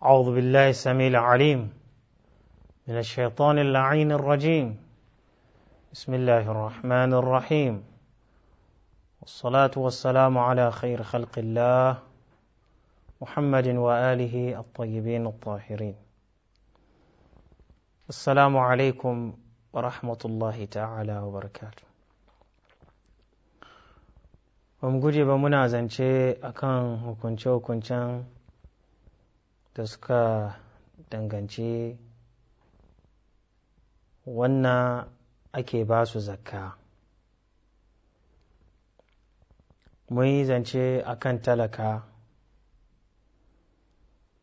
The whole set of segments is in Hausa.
أعوذ بالله السميع العليم من الشيطان اللعين الرجيم بسم الله الرحمن الرحيم والصلاة والسلام على خير خلق الله محمد وآله الطيبين الطاهرين السلام عليكم ورحمة الله تعالى وبركاته ومجيب منازن شيء أكان وكنشو كنشان da suka danganci wannan ake ba su zakka mun yi zance a kan talaka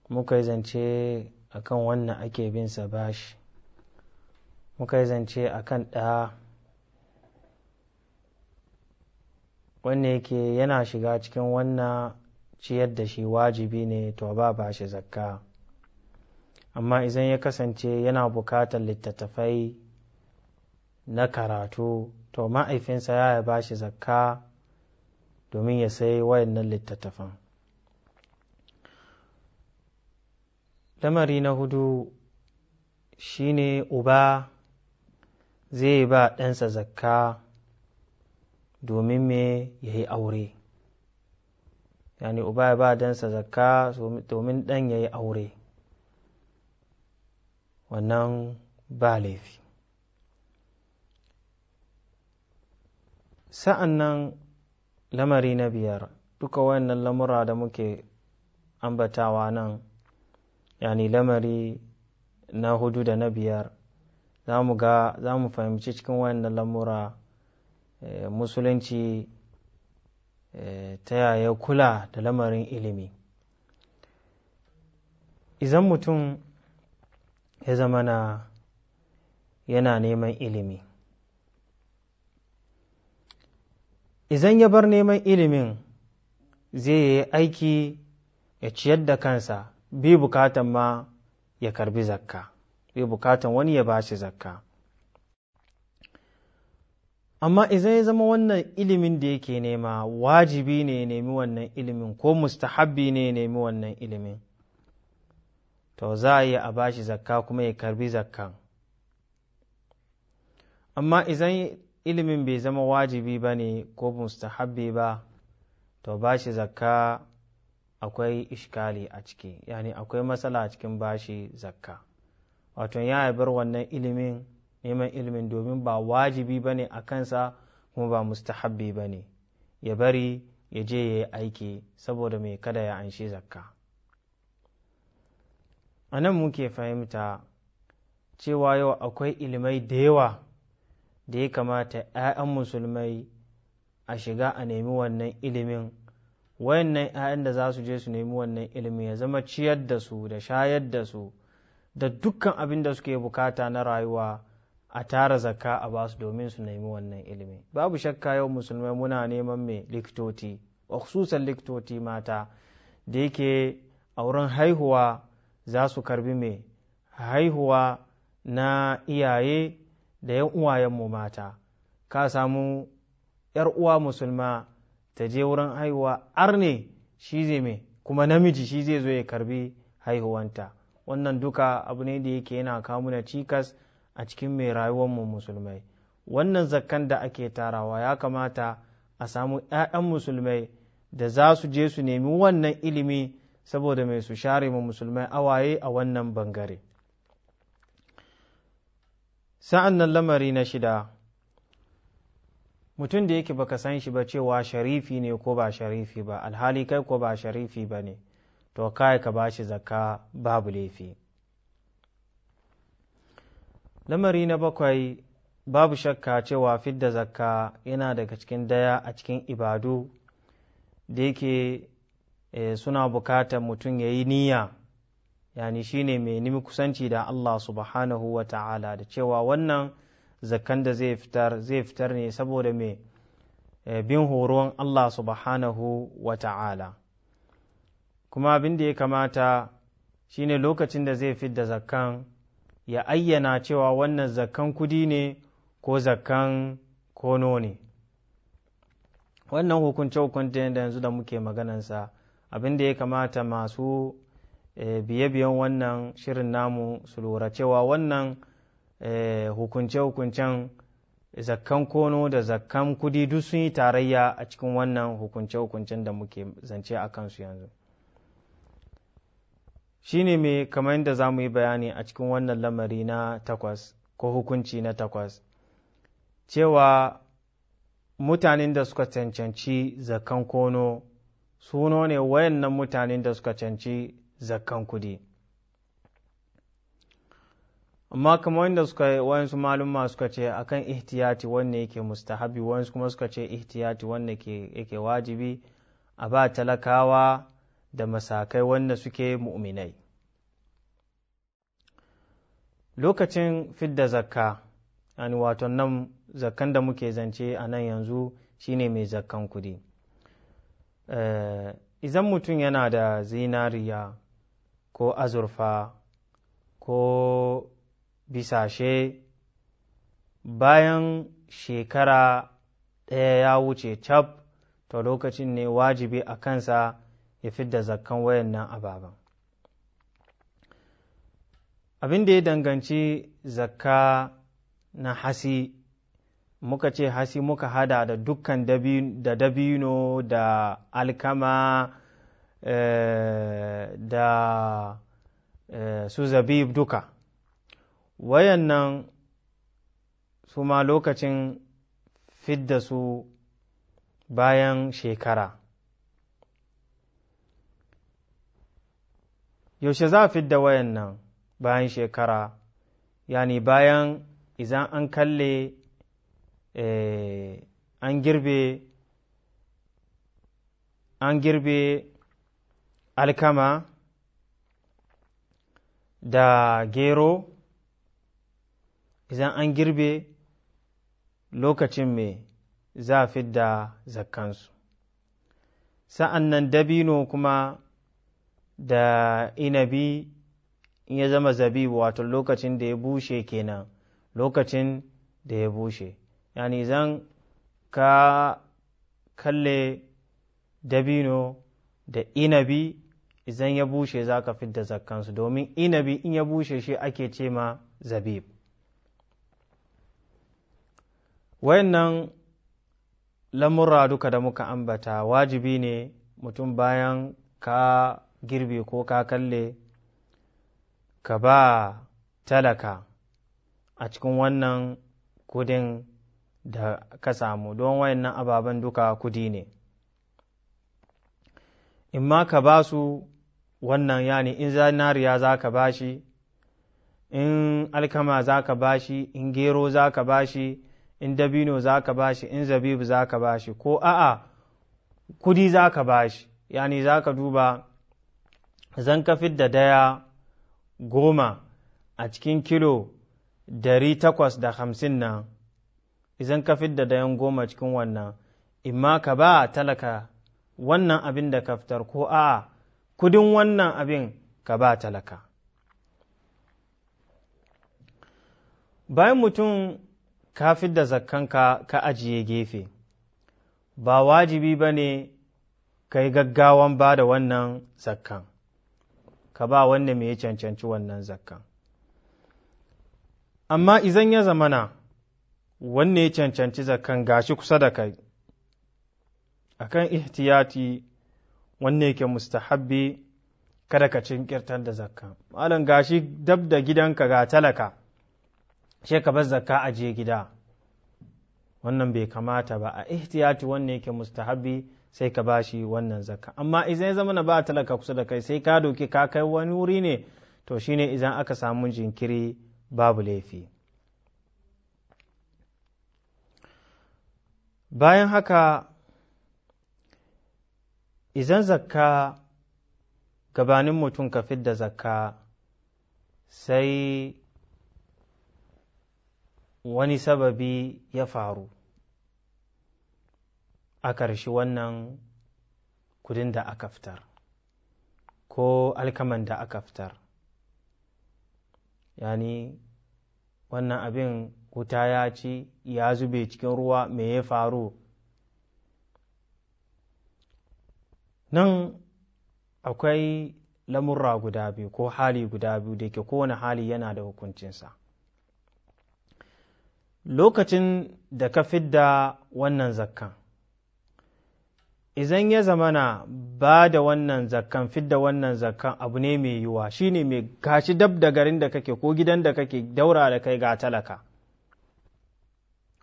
muka yi zance a kan wannan ake bin sa bashi muka yi zance a kan ɗa wanne yake yana shiga cikin wannan ciyar da shi wajibi ne to ba ba shi zakka amma idan ya kasance yana bukatar littattafai na karatu to ma'aifinsa ya ba shi zakka domin ya sai wayannan littattafan lamari na hudu shine uba zai ba ɗansa zakka domin me ya yi aure yani uba ya ba dansa zakka domin ɗan ya yi aure wannan ba laifi sa'an nan lamari na biyar duka wannan lamura da muke ambatawa nan yani lamari na hudu da na biyar za mu fahimci cikin wannan lamura eh, musulunci Eh, ta yaya kula da lamarin ilimi izan mutum ya zama na yana neman ilimi izan ya bar neman ilimin zai yi aiki ya ciyar da kansa bi bukatan ma ya karbi zakka bi bukatan wani ya bashi zakka amma idan ya zama wannan ilimin da yake nema wajibi ne ya nemi wannan ilimin ko mustahabbi ne ya nemi wannan ilimin to za a yi a bashi zakka kuma ya karbi zakkan amma idan ilimin bai zama wajibi ba ne ko mustahabbi ba to bashi zakka akwai ishkali a ciki yani akwai matsala a cikin bashi zakka wato ya bar wannan ilimin neman ilimin domin ba wajibi ba ne a kansa kuma ba mustahabbi ba ne ya bari ya je ya yi aiki saboda mai kada ya anshi zakka a nan muke fahimta cewa yau akwai ilimai da yawa da ya kamata 'ya'yan musulmai a shiga a nemi wannan ilimin wayannan 'ya'yan da za su je su nemi wannan ilimin ya zama ciyar da su da shayar da su da dukkan abin da suke bukata na rayuwa a tara zakka a basu domin su nemi wannan ilimi babu shakka yau musulmai muna neman mai likitoci khususan likitoci mata da yake a wurin haihuwa za su karbi mai haihuwa na iyaye da yan uwayenmu mata ka samu ‘yar uwa musulma ta je wurin haihuwa arne shi zai mai kuma namiji shi zai zo ya karbi haihuwanta wannan duka abu ne da yake yana kamuna cikas a cikin mai rayuwar mu musulmai wannan zakkan da ake tarawa ya kamata a samu 'ya'yan musulmai da za su je su nemi wannan ilimi saboda mai su share mu musulmai awaye a wannan bangare sa'an nan lamari na shida mutum da yake baka san shi ba cewa sharifi ne ko ba sharifi ba alhali kai ko ba sharifi ba ne to kai ka bashi zakka babu laifi lamari na bakwai babu shakka cewa fidda zakka yana daga cikin daya a cikin ibadu da yake eh, suna bukatar mutum ya yi niyya yani ne mai nimi kusanci da Allah subhanahu wa ta'ala da cewa wannan zakkan da zai fitar zai fitar ne saboda mai eh, bin horon Allah subhanahu wa ta'ala kuma abin da ya kamata shine lokacin da zai fidda zakkan ya ayyana cewa wannan zakkan kudi ne ko zakkan kono ne wannan hukunce hukunce da yanzu da muke maganansa abin da ya kamata masu eh, biye-biyen wannan shirin namu su lura cewa wannan eh, hukunce-hukuncen zakkan kono da zakkan kudi duk sun yi tarayya a cikin wannan hukunce-hukuncen da muke zance a kansu yanzu shi ne mai kamar yadda za mu yi bayani a cikin wannan lamari na takwas ko hukunci na takwas cewa mutanen da suka cancanci zakan kono suno ne wayannan mutanen da suka canci zakan kudi amma kamar wanda suka wayansu maluma suka ce akan ihtiyati wanne yake mustahabi wayansu kuma suka ce ihtiyati wanne yake wajibi a ba talakawa da masakai wanda suke mu'minai lokacin fidda zakka an wato nan zakkan da muke zance a nan yanzu shine mai zakkan kudi eh, idan mutum yana da zinariya ko azurfa ko bisashe bayan shekara ɗaya ya wuce cap to lokacin ne wajibi a kansa ya fidda zakkan wayan nan ababen abin da ya danganci zakka na hasi muka ce hasi muka hada da dukkan da dabino da alkama eh, da eh, su zabib duka wayannan su ma lokacin fidda su bayan shekara yaushe za a fidda wayan nan bayan shekara yani bayan izan an kalle eh, an girbe an girbe alkama da gero idan an girbe lokacin mai za a fidda zakkansu sa'an nan dabino kuma da inabi in ya zama zabi wato lokacin da ya bushe kenan lokacin da ya bushe yani zan ka kalle dabino da inabi idan ya bushe za ka fidda zakkansu domin inabi in ya bushe shi ake ce ma zabib wayannan lamurra duka da muka ambata wajibi ne mutum bayan ka girbe ko ka kalle ka ba talaka a cikin wannan kudin da ka samu don wayannan ababen duka kudi ne in ma ka ba su wannan yani in zanariya za ka ba shi in alkama za ka ba shi in gero za ka ba shi in dabino za ka ba shi in zabibu za ka ba shi ko a'a kudi za ka ba shi yani za ka duba zan ka fidda daya goma a cikin kilo dari takwas da hamsin nan izan ka fidda dayan goma cikin wannan imma ka ba talaka wannan abin da kaftar ko a kudin wannan abin ka ba talaka bayan mutum ka fidda zakkanka ka ajiye gefe ba wajibi ba ne ka yi gaggawan ba da wannan zakkan ka ba wanda mai ya cancanci wannan zakkan amma izan ya zamana wanda ya cancanci zakan gashi kusa da kai akan ihtiyati wanne yake mustahabbi kada ka cinkirtar da zakka malam gashi dab da gidanka ga talaka shi ka bar zakka a je gida wannan bai kamata ba a ihtiyati wanne yake mustahabbi sai ka bashi wannan zakka amma idan ya zama na ba talaka kusa da kai sai ka doki ka kai wani wuri ne to shine idan aka samu jinkiri babu laifi bayan haka idan zakka gabanin mutum ka fidda zakka sai wani sababi ya faru a ƙarshe wannan kudin da aka fitar ko alkaman da aka fitar yani wannan abin wuta ya ci ya zube cikin ruwa me ya faru nan akwai lamurra guda biyu ko hali guda biyu da ke kowane hali yana da hukuncinsa lokacin da ka fidda wannan zakkan Izan ya zamana ba da wannan zakkan fidda wannan zakkan abu ne mai yiwuwa shine mai gashi dab da garin da kake ko gidan da kake daura da kai ga talaka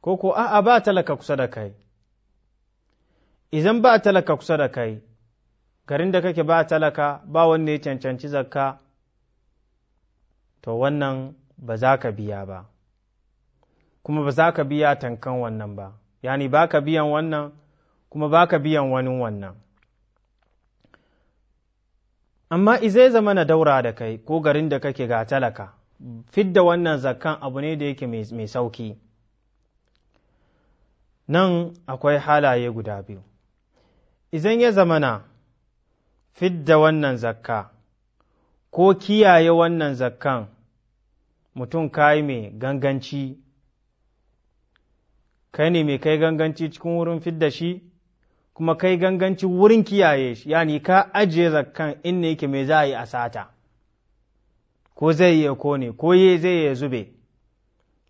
ko ko a'a ba talaka kusa da kai idan ba talaka kusa da kai garin da kake ba talaka ba wanda ya cancanci zakka to wannan ba za ka biya ba kuma ba za ka biya tankan wannan ba yani ba ka biyan wannan kuma baka biyan wani wannan amma izai zama na daura da kai ko garin da kake ga talaka fidda wannan zakkan abu ne da yake mai sauki nan akwai halaye guda biyu izan ya zama zamana fidda wannan zakka ko kiyaye wannan zakkan mutum kai mai ganganci kai ne mai kai ganganci cikin wurin fidda shi kuma kai ganganci wurin kiyaye shi yani ka ajiye zakkan in ne yake mai za a yi a sata ko zai yi iya kone ko ye zai yi zube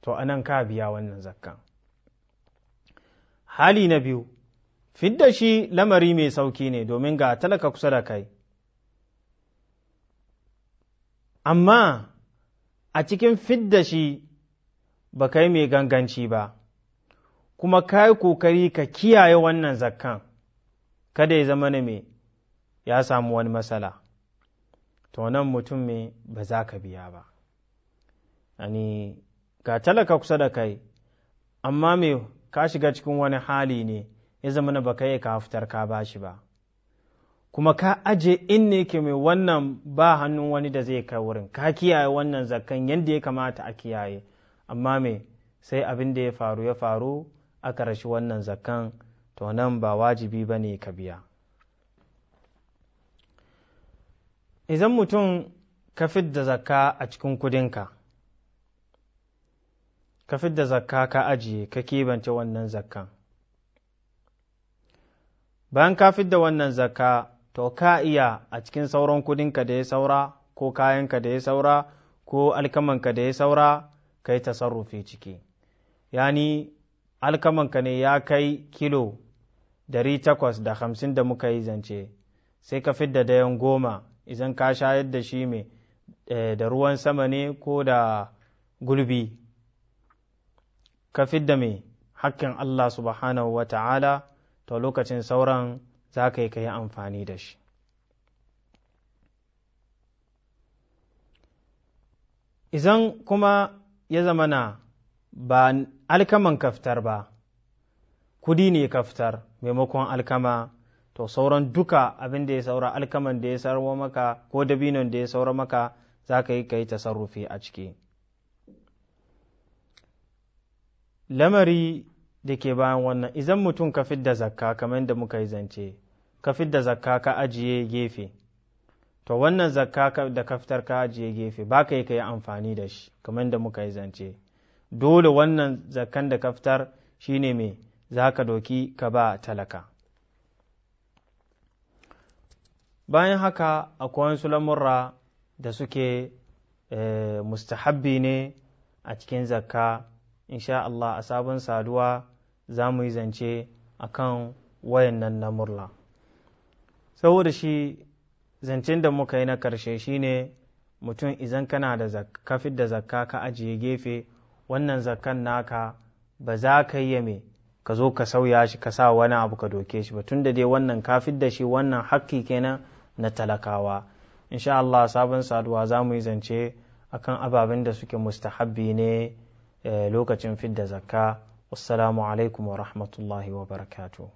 to a nan ka biya wannan zakkan hali na biyu fidda shi lamari mai sauki ne domin ga talaka kusa da kai amma a cikin fidda shi ba kai mai ganganci ba kuma ka kokari ka kiyaye wannan zakkan kada ya zama me ya samu wani matsala to nan mutum me ba za ka biya ba ani ga talaka kusa da kai amma me ka shiga cikin wani hali ne ya zama na ba ka yi ka fitar ka ba shi ba kuma ka aje in ne ke mai wannan ba hannun wani da zai kai wurin ka kiyaye wannan zakan yadda ya kamata a kiyaye amma me sai abin da ya faru ya faru aka rashi wannan zakan to nan ba wajibi ba ne ka biya idan mutum ka da zakka a cikin kudinka ka da zakka ka ajiye ka kebance wannan zakkan bayan ka da wannan zakka to ka iya a cikin sauran kudinka da ya saura ko kayanka da ya saura ko alkamanka da ya saura ka yi tasarrufi ciki yani alkamanka ne ya kai kilo dari takwas da hamsin da muka yi zance sai ka fidda dayan goma izan ka shayar da shi me eh, da ruwan sama ne ko da gulbi ka fidda mai hakkin Allah subhanahu wa ta'ala to lokacin sauran za ka yi ka yi amfani da shi izan kuma ya zamana ba alkaman kaftar ba kudi ne kaftar maimakon alkama to sauran duka abin da ya saura alkaman da ya sarwa maka ko dabinon da ya saura maka za ka yi ka yi tasarrufi a ciki lamari da ke bayan wannan idan mutum ka fidda zakka kamar da muka yi zance ka fidda zakka ka ajiye gefe to wannan zakka da ka fitar ka ajiye gefe ba ka yi ka yi amfani da shi kamar da muka yi zance dole wannan zakkan da ka fitar ne mai za ka doki ka ba talaka bayan haka akwai wasu lamurra da suke eh, mustahabbi ne a cikin zakka insha Allah a sabon saduwa za mu yi zance a kan wayan wayannan lamurla saboda shi zancen da muka yi na karshe shine mutum izan kana da kafin da zakka ka ajiye gefe wannan zakkan naka ba za ka yi me ka zo ka sauya shi ka sa wani abu ka doke shi ba da dai wannan kafin da shi wannan haƙƙi kenan na talakawa insha Allah sabon saduwa za mu yi zance akan ababen da suke mustahabbi ne eh, lokacin fidda zakka wassalamu alaikum wa rahmatullahi wa barakatuh